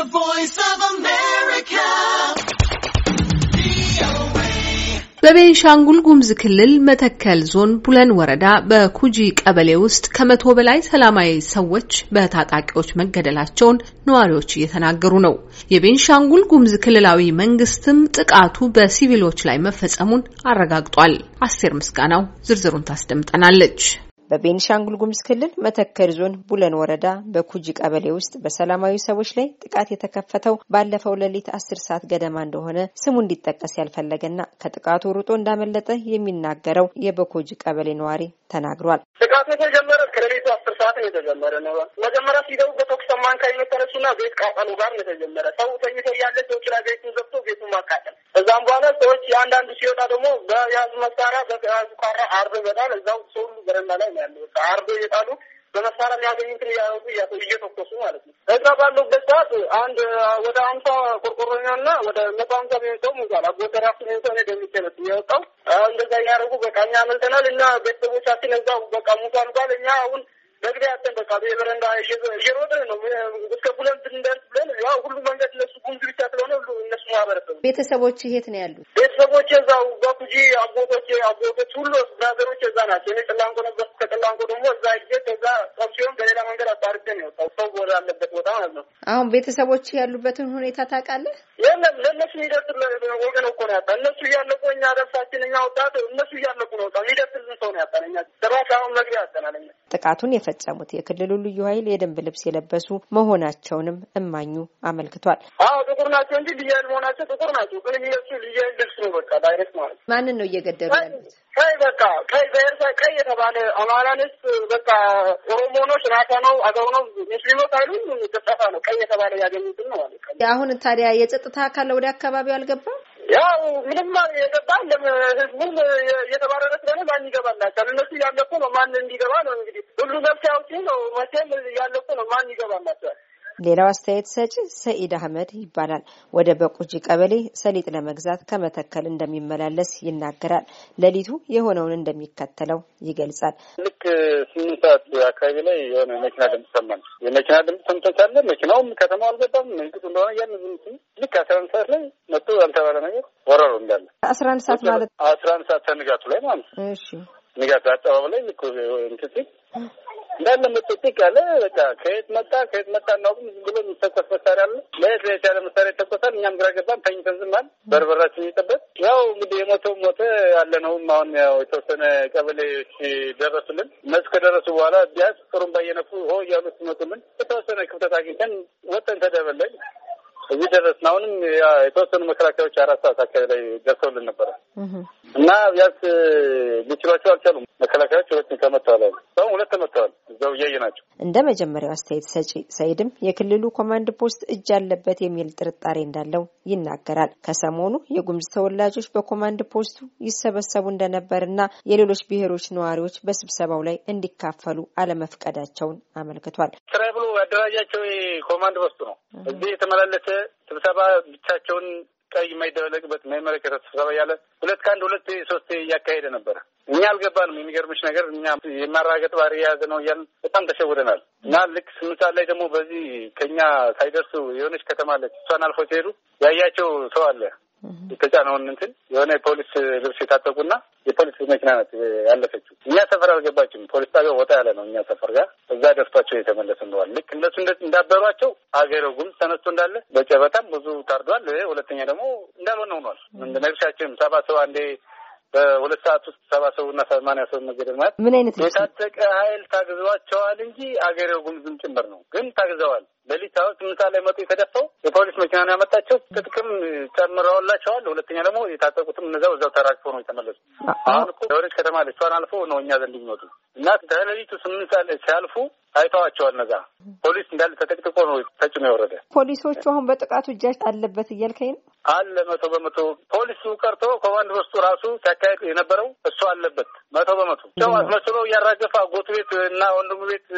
The Voice of America. በቤንሻንጉል ጉሙዝ ክልል መተከል ዞን ቡለን ወረዳ በኩጂ ቀበሌ ውስጥ ከመቶ በላይ ሰላማዊ ሰዎች በታጣቂዎች መገደላቸውን ነዋሪዎች እየተናገሩ ነው። የቤንሻንጉል ጉሙዝ ክልላዊ መንግስትም ጥቃቱ በሲቪሎች ላይ መፈጸሙን አረጋግጧል። አስቴር ምስጋናው ዝርዝሩን ታስደምጠናለች። በቤንሻንጉል ጉምዝ ክልል መተከል ዞን ቡለን ወረዳ በኩጂ ቀበሌ ውስጥ በሰላማዊ ሰዎች ላይ ጥቃት የተከፈተው ባለፈው ሌሊት አስር ሰዓት ገደማ እንደሆነ ስሙ እንዲጠቀስ ያልፈለገና ከጥቃቱ ሩጦ እንዳመለጠ የሚናገረው የበኮጂ ቀበሌ ነዋሪ ተናግሯል። ጥቃቱ የተጀመረ ከሌሊቱ አስር ሰዓት የተጀመረ ነው። መጀመሪያ ሲደው በተኩስ አማካኝ መተነሱና ቤት ቃጠሎ ጋር ነው የተጀመረ። ሰው ተኝቶ ያለ ሰዎች ላይ ቤቱን ዘግቶ ቤቱን ማቃጠል እዛም በኋላ ሰዎች የአንዳንዱ ሲወጣ ደግሞ በያዙ መሳሪያ በያዙ ካራ አርበ አርበበታል። እዛው ሰው ሁሉ በረንዳ ላይ ያለው አርዶ እየጣሉ በመሳሪያ ሊያገኙትን እያወጡ እየተኮሱ ማለት ነው። እዛ ባለሁበት ሰዓት አንድ ወደ አምሳ ቆርቆሮኛ ቆርቆሮኛና ወደ መቶ አምሳ ሚሰው ሙዟል አጎተራሱ ሚሰው ነ ደሚችለት እያወጣው እንደዛ እያደረጉ በቃ እኛ መልተናል እና ቤተሰቦቻችን እዛው በቃ ሙቷል ባል እኛ አሁን ያተን በቃ በበረንዳ እየሮጥን ነው እስከ ቡለን ብንደርስ ብለን ሁሉ መንገድ እነሱ ጉምዝ ብቻ ስለሆነ ሁሉ እነሱ ማህበረሰቡ ቤተሰቦች የት ነው ያሉት? ቤተሰቦች እዛው በጉጂ አጎቶች አጎቶች ሁሉ ብራዘሮች እዛ ናቸው። እኔ ጭላንቆ ነበር። ከጭላንቆ ደግሞ እዛ ጊዜ ከዛ ጸብ ሲሆን በሌላ መንገድ አባርገ ነው የወጣው ሰው ወደ አለበት ቦታ ማለት ነው። አሁን ቤተሰቦች ያሉበትን ሁኔታ ታውቃለህ? የለም ለእነሱ ሚደርስ ወገን እኮ ነው ያጣ። እነሱ እያለቁ እኛ ደርሳችን እኛ ወጣት እነሱ እያለቁ ነው ወጣ። የሚደርስልን ሰው ነው ያጣን እኛ ጭራሽ አሁን መግቢያ ያጠናለኛ ጥቃቱን የፈጸሙት የክልሉ ልዩ ኃይል የደንብ ልብስ የለበሱ መሆናቸውንም እማኙ አመልክቷል። አዎ ጥቁር ናቸው እንጂ ልዩ ኃይል መሆናቸው ጥቁር ናቸው፣ ግን እነሱ ልዩ ኃይል ልብስ ነው በቃ ዳይሬክት ማለት ማንን ነው እየገደሉ ያሉት? ከይ በቃ ከይ በኤርትራ ከይ የተባለ አማራንስ በቃ ኦሮሞ ነው ራሳ ነው አገው ነው ሙስሊሞች አይሉ ጥፋፋ ነው ቀይ የተባለ ያገኙትን ነው አለ። አሁን ታዲያ የጸጥታ አካል ወደ አካባቢው አልገባም። ያው ምንም የገባ ለም ህዝቡም የተባረረ ስለሆነ ማን ይገባላቸዋል? እነሱ እያለቁ ነው። ማን እንዲገባ ነው እንግዲህ ሁሉ መብት ያውጪ ነው መቼም እያለቁ ነው። ማን ይገባላቸዋል? ሌላው አስተያየት ሰጪ ሰኢድ አህመድ ይባላል። ወደ በቁጂ ቀበሌ ሰሊጥ ለመግዛት ከመተከል እንደሚመላለስ ይናገራል። ሌሊቱ የሆነውን እንደሚከተለው ይገልጻል። ልክ ስምንት ሰዓት አካባቢ ላይ የሆነ የመኪና ድምፅ ሰማን። የመኪና ድምፅ ሰምተን ሳለ መኪናውም ከተማው አልገባም መንግስት እንደሆነ እያን ያን ልክ አስራ አንድ ሰዓት ላይ መጡ ያልተባለ ነገር ወረሩ እንዳለ አስራ አንድ ሰዓት ማለት አስራ አንድ ሰዓት ተንጋቱ ላይ ማለት እሺ ንጋት አጠባብ ላይ ልክ እንትን እንዳለ መጠጥቅ ያለ በቃ ከየት መጣ ከየት መጣ እናውቅም። ዝም ብሎ የሚተኮስ መሳሪያ አለ። ለየት ለየት ያለ መሳሪያ ይተኮሳል። እኛም ግራ ገባን። ተኝተን ዝም አልን። በርበራችን ይጠበት ያው እንግዲህ የሞተው ሞተ ያለ ነውም። አሁን ያው የተወሰነ ቀበሌዎች ደረሱልን። መስ ከደረሱ በኋላ ቢያንስ ጥሩም ባየነፉ ሆ እያሉ ሲመጡልን የተወሰነ ክፍተት አግኝተን ወጠን ተደበለኝ እዚህ ደረስን። አሁንም የተወሰኑ መከላከያዎች አራት ሰዓት አካባቢ ላይ ደርሰውልን ነበረ እና ቢያንስ ሊችሏቸው አልቻሉም። መከላከያዎች ሁለት ተመተዋል አሉ። አሁን ሁለት ተመተዋል። እዛው እያየ ናቸው። እንደ መጀመሪያው አስተያየት ሰጪ ሰይድም የክልሉ ኮማንድ ፖስት እጅ አለበት የሚል ጥርጣሬ እንዳለው ይናገራል። ከሰሞኑ የጉምዝ ተወላጆች በኮማንድ ፖስቱ ይሰበሰቡ እንደነበርና የሌሎች ብሔሮች ነዋሪዎች በስብሰባው ላይ እንዲካፈሉ አለመፍቀዳቸውን አመልክቷል። ስራ ብሎ ያደራጃቸው ኮማንድ ፖስቱ ነው። እዚህ የተመላለሰ ስብሰባ ብቻቸውን ቀይ የማይደበለቅበት የማይመለከተት ስብሰባ እያለ ሁለት ከአንድ ሁለት ሶስት እያካሄደ ነበረ። እኛ አልገባንም። የሚገርምሽ ነገር እኛ የማራገጥ ባህሪ የያዘ ነው እያልን በጣም ተሸውደናል። እና ልክ ስምንት ሰዓት ላይ ደግሞ በዚህ ከኛ ሳይደርሱ የሆነች ከተማ አለች፣ እሷን አልፎ ሲሄዱ ያያቸው ሰው አለ የተጫነውን እንትን የሆነ የፖሊስ ልብስ የታጠቁና የፖሊስ መኪና ናት ያለፈችው። እኛ ሰፈር አልገባችም። ፖሊስ ጣቢያ ወጣ ያለ ነው እኛ ሰፈር ጋር እዛ ደፍቷቸው የተመለሱ እንደዋል። ልክ እነሱ እንዳበሯቸው አገሬ ጉም ተነስቶ እንዳለ በጨበጣም ብዙ ታርዷል። ሁለተኛ ደግሞ እንዳልሆነ ሆኗል። ምንድን ሰባ ሰባ እንዴ በሁለት ሰዓት ውስጥ ሰባ ሰው እና ሰማንያ ሰው መገደል ማለት ምን አይነት የታጠቀ ኃይል ታግዘዋቸዋል እንጂ አገሬው ጉምዝም ጭምር ነው። ግን ታግዘዋል። ሌሊት አሁን ስምንት ሰዓት ላይ መጡ የተደፈው የፖሊስ መኪና ነው ያመጣቸው። ትጥቅም ጨምረውላቸዋል። ሁለተኛ ደግሞ የታጠቁትም እነዛው እዛው ተራግፎ ነው የተመለሱ። አሁን እኮ የሆነች ከተማ አለች። አልፎ ነው እኛ ዘንድ የሚመጡ እና ከሌሊቱ ስምንት ሰዓት ሲያልፉ አይተዋቸዋል። እነዛ ፖሊስ እንዳለ ተጠቅጥቆ ነው ተጭኖ የወረደ። ፖሊሶቹ አሁን በጥቃቱ እጃች አለበት እያልከኝ ነው? አለ መቶ በመቶ ፖሊሱ ቀርቶ ኮማንድ ፖስቱ ራሱ ሲያካሄድ የነበረው እሱ አለበት መቶ በመቶ ሰው አስመስሎ እያራገፈ አጎቱ ቤት እና ወንድሙ ቤት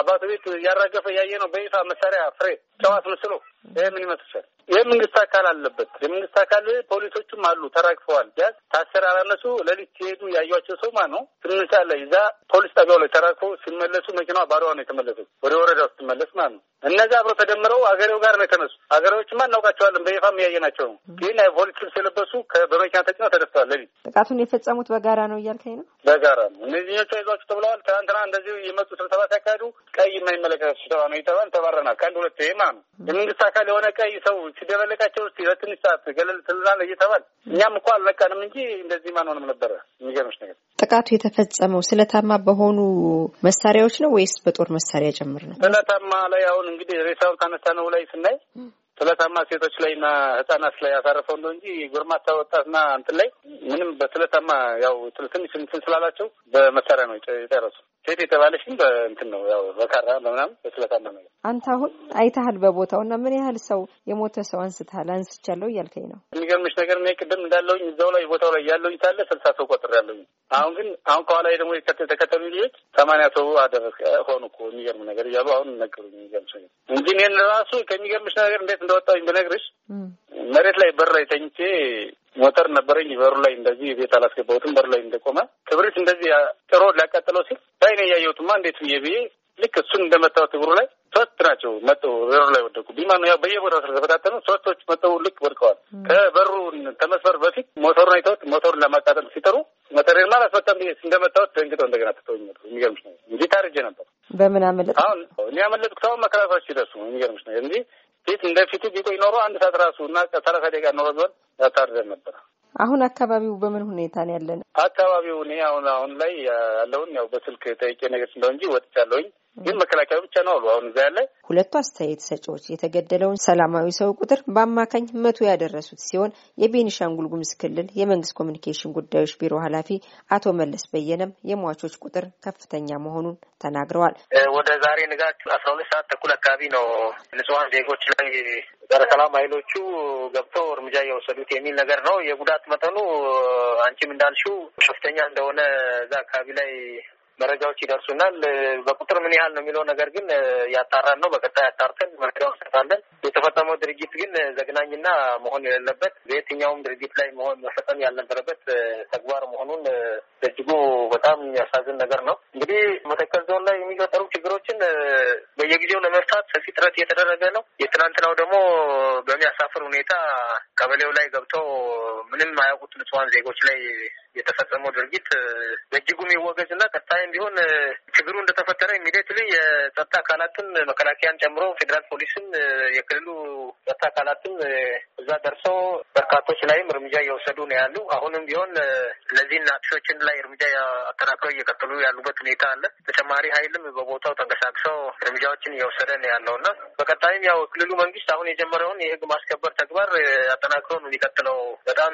አባቱ ቤት እያራገፈ እያየ ነው በይፋ መሳሪያ ፍሬ ሰው አስመስሎ ይህ ምን ይመስልሻል? መንግስት አካል አለበት። የመንግስት አካል ፖሊሶቹም አሉ ተራግፈዋል። ቢያንስ ታሰር አላነሱ ሌሊት ሲሄዱ ያዩቸው ሰው ማ ነው ስምንት ሰዓት ላይ እዛ ፖሊስ ጣቢያው ላይ ተራግፈው ሲመለሱ መኪና ባዶዋ ነው የተመለሱ፣ ወደ ወረዳው ስትመለስ ማለት ነው። እነዚህ አብረው ተደምረው አገሬው ጋር ነው የተነሱ። አገሬዎችማ እናውቃቸዋለን በይፋ በይፋም ናቸው ነው። ግን ፖሊስ ልብስ የለበሱ በመኪና ተጭነው ተደፍተዋል። ሌሊት ጥቃቱን የፈጸሙት በጋራ ነው እያልከኝ ነው? በጋራ ነው። እነዚህኞቹ አይዟቸው ተብለዋል። ትናንትና እንደዚህ የመጡ ስብሰባ ሲያካሂዱ ቀይ የማይመለከት ስብሰባ ነው ይተባል ተባረናል። ከአንድ ሁለት ይማ ነው የመንግስት አካል የሆነ ቀይ ሰው ሲደበለቃቸው ውስጥ ለትንሽ ሰዓት ገለል ትልናል እየተባል እኛም እኮ አልለቀንም እንጂ እንደዚህ ማንሆንም ነበረ። የሚገርምሽ ነገር ጥቃቱ የተፈጸመው ስለታማ በሆኑ መሳሪያዎች ነው ወይስ በጦር መሳሪያ ጭምር ነው? ስለታማ ላይ አሁን እንግዲህ ሬሳውን ካነሳነው ላይ ስናይ ስለታማ ሴቶች ላይና ህጻናት ላይ ያሳረፈው ነው እንጂ ጎርማታ ወጣትና እንትን ላይ ምንም በስለታማ ያው ትንሽ እንትን ስላላቸው በመሳሪያ ነው የጨረሱ። ሴት የተባለሽም በእንትን ነው ያው በካራ በምናምን በስለታ ነው። አንተ አሁን አይተሃል በቦታው እና ምን ያህል ሰው የሞተ ሰው አንስተሃል አንስቻለሁ እያልከኝ ነው። የሚገርምሽ ነገር እኔ ቅድም እንዳለውኝ እዛው ላይ ቦታው ላይ ያለውኝ ሳለ ስልሳ ሰው ቆጥር ቆጥሬያለሁኝ። አሁን ግን አሁን ከኋላ ደግሞ የተከተሉ ልጆች ሰማንያ ሰው አደረስ ሆኑ እኮ የሚገርም ነገር እያሉ አሁን ነገሩኝ። የሚገርምሽ ነገር እንጂ እኔን ራሱ ከሚገርምሽ ነገር እንዴት እንደወጣሁኝ ብነግርሽ መሬት ላይ በር ላይ ተኝቼ ሞተር ነበረኝ። በሩ ላይ እንደዚህ ቤት አላስገባሁትም። በሩ ላይ እንደቆመ ክብሪት እንደዚህ ጥሮ ሊያቃጥለው ሲል በአይነ ያየሁትማ እንዴት ብዬ ብዬ ልክ እሱን እንደመታሁት እግሩ ላይ ሶስት ናቸው መጠው በሩ ላይ ወደቁ። ቢማኑ ያው በየቦታው ስለተበታተኑ ሶስቶች መጠው ልክ ወድቀዋል። ከበሩ ከመስበር በፊት ሞተሩን አይተውት ሞተሩን ለማቃጠል ሲጠሩ መተሬማ ላስመጣም እንደመታወት ደንግጠው እንደገና ትተውኝ ነበር። የሚገርምሽ ነው እንጂ ታርጄ ነበር። በምን አመለጥ አሁን እኔ ያመለጥኩት አሁን መከላከያዎች ሲደርሱ የሚገርምሽ ነው እንጂ ፊት እንደፊቱ ቢቆይ ኖሮ አንድ ሰዓት ራሱ እና ሰላሳ ደቂቃ ኖሮ ቢሆን ያታርደን ነበር። አሁን አካባቢው በምን ሁኔታ ነው ያለን? አካባቢው እኔ አሁን አሁን ላይ ያለውን ያው በስልክ ጠይቄ ነገር ስለው እንጂ ወጥቻለሁኝ። ግን መከላከያ ብቻ ነው አሉ አሁን እዛ ያለ። ሁለቱ አስተያየት ሰጪዎች የተገደለውን ሰላማዊ ሰው ቁጥር በአማካኝ መቶ ያደረሱት ሲሆን የቤኒሻንጉል ጉምዝ ክልል የመንግስት ኮሚኒኬሽን ጉዳዮች ቢሮ ኃላፊ አቶ መለስ በየነም የሟቾች ቁጥር ከፍተኛ መሆኑን ተናግረዋል። ወደ ዛሬ ንጋት አስራ ሁለት ሰዓት ተኩል አካባቢ ነው ንጹሐን ዜጎች ላይ ጸረ ሰላም ኃይሎቹ ገብተው እርምጃ እየወሰዱት የሚል ነገር ነው የጉዳት መጠኑ አንቺም እንዳልሽው ከፍተኛ እንደሆነ እዛ አካባቢ ላይ መረጃዎች ይደርሱናል። በቁጥር ምን ያህል ነው የሚለው ነገር ግን ያጣራን ነው። በቀጣይ ያጣርተን መረጃ እንሰጣለን። የተፈጸመው ድርጊት ግን ዘግናኝና መሆን የሌለበት በየትኛውም ድርጊት ላይ መሆን መፈጸም ያልነበረበት ተግባር መሆኑን በእጅጉ በጣም የሚያሳዝን ነገር ነው። እንግዲህ መተከል ዞን ላይ የሚፈጠሩ ችግሮችን በየጊዜው ለመፍታት ሰፊ ጥረት እየተደረገ ነው። የትናንትናው ደግሞ በሚያሳፍር ሁኔታ ቀበሌው ላይ ገብተው ምንም አያውቁት ንጹሃን ዜጎች ላይ የተፈጸመው ድርጊት በእጅጉ የሚወገዝ እና ቀጣይም ቢሆን ችግሩ እንደተፈጠረ ኢሚዲየትሊ የጸጥታ አካላትን መከላከያን ጨምሮ ፌዴራል ፖሊስን የክልሉ ጸጥታ አካላትን እዛ ደርሰው በርካቶች ላይም እርምጃ እየወሰዱ ነው ያሉ። አሁንም ቢሆን እነዚህን አጥፊዎችን ላይ እርምጃ አጠናክረው እየቀጠሉ ያሉበት ሁኔታ አለ። ተጨማሪ ኃይልም በቦታው ተንቀሳቅሰው እርምጃዎችን እየወሰደ ነው ያለው እና በቀጣይም ያው ክልሉ መንግስት አሁን የጀመረውን የህግ ማስከበር ተግባር አጠናክሮ ነው የሚቀጥለው። በጣም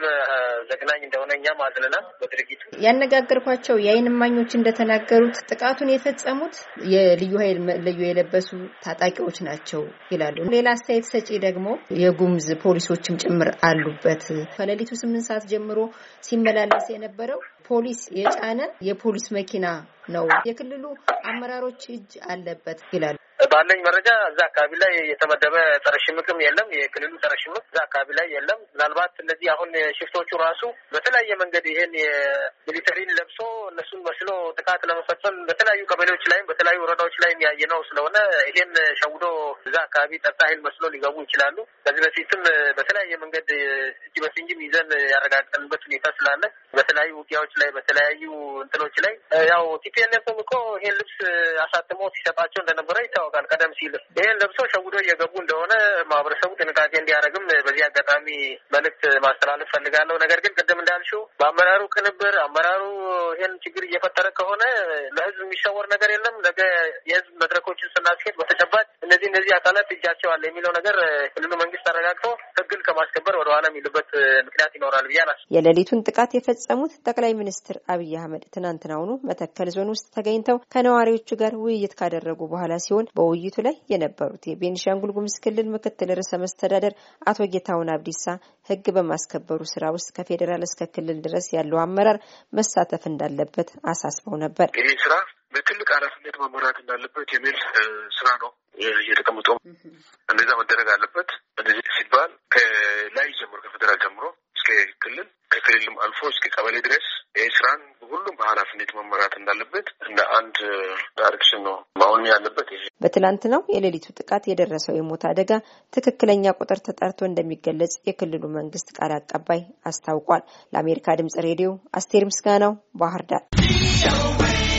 ዘግናኝ እንደሆነ እኛም አዝነናል። በድርጊቱ ያነጋገርኳቸው የአይን እማኞች እንደተናገሩት ጥቃቱን የፈጸሙት የልዩ ኃይል መለዮ የለበሱ ታጣቂዎች ናቸው ይላሉ። ሌላ አስተያየት ሰጪ ደግሞ የጉምዝ ፖሊሶችም ጭምር አሉበት። ከሌሊቱ ስምንት ሰዓት ጀምሮ ሲመላለስ የነበረው ፖሊስ የጫነ የፖሊስ መኪና ነው። የክልሉ አመራሮች እጅ አለበት ይላሉ። ባለኝ መረጃ እዛ አካባቢ ላይ የተመደበ ጸረ ሽምቅም የለም። የክልሉ ጸረ ሽምቅ እዛ አካባቢ ላይ የለም። ምናልባት እነዚህ አሁን ሽፍቶቹ ራሱ በተለያየ መንገድ ይሄን የሚሊተሪን ለብሶ እነሱን መስሎ ጥቃት ለመፈጸም በተለያዩ ቀበሌዎች ላይም በተለያዩ ወረዳዎች ላይም ያየ ነው ስለሆነ ይሄን ሸውዶ እዛ አካባቢ ጸጥታ ኃይል መስሎ ሊገቡ ይችላሉ። ከዚህ በፊትም በተለያየ መንገድ እጅ በፍንጅም ይዘን ያረጋግጠንበት ሁኔታ ስላለ በተለያዩ ውጊያዎች ላይ በተለያዩ እንትኖች ላይ ያው ቲፒኤልኤፍም እኮ ይሄን ልብስ አሳትሞ ሲሰጣቸው እንደነበረ ይታወ ይታወቃል። ቀደም ሲል ይህን ለብሶ ሸውዶ እየገቡ እንደሆነ ማህበረሰቡ ጥንቃቄ እንዲያደርግም በዚህ አጋጣሚ መልእክት ማስተላለፍ ፈልጋለሁ። ነገር ግን ቅድም እንዳልሽው በአመራሩ ቅንብር አመራሩ ይህን ችግር እየፈጠረ ከሆነ ለህዝብ የሚሰወር ነገር የለም። ነገ የህዝብ መድረኮችን ስናስኬድ በተጨባጭ እነዚህ እነዚህ አካላት እጃቸው አለ የሚለው ነገር ክልሉ መንግስት አረጋግተ ህግን ከማስከበር ወደ ኋላ የሚሉበት ምክንያት ይኖራል ብዬ አላስ የሌሊቱን ጥቃት የፈጸሙት ጠቅላይ ሚኒስትር አብይ አህመድ ትናንትናውኑ መተከል ዞን ውስጥ ተገኝተው ከነዋሪዎቹ ጋር ውይይት ካደረጉ በኋላ ሲሆን በውይይቱ ላይ የነበሩት የቤኒሻንጉል ጉምዝ ክልል ምክትል ርዕሰ መስተዳደር አቶ ጌታሁን አብዲሳ ሕግ በማስከበሩ ስራ ውስጥ ከፌዴራል እስከ ክልል ድረስ ያለው አመራር መሳተፍ እንዳለበት አሳስበው ነበር። ይህ ስራ በትልቅ ኃላፊነት መመራት እንዳለበት የሚል ስራ ነው እየተቀምጦ እንደዛ መደረግ አለበት። እንደዚህ ሲባል ከላይ ጀምሮ ከፌዴራል ጀምሮ እስከ ክልል ከክልልም አልፎ እስከ ቀበሌ ድረስ ይህ ስራን ሁሉም በኃላፊነት መመራት እንዳለበት እንደ አንድ ዳይሬክሽን ነው ያለበት ይሄ ነው የሌሊቱ ጥቃት የደረሰው የሞት አደጋ ትክክለኛ ቁጥር ተጠርቶ እንደሚገለጽ የክልሉ መንግስት ቃል አቀባይ አስታውቋል። ለአሜሪካ ድምጽ ሬዲዮ አስቴር ምስጋናው ባህር ዳር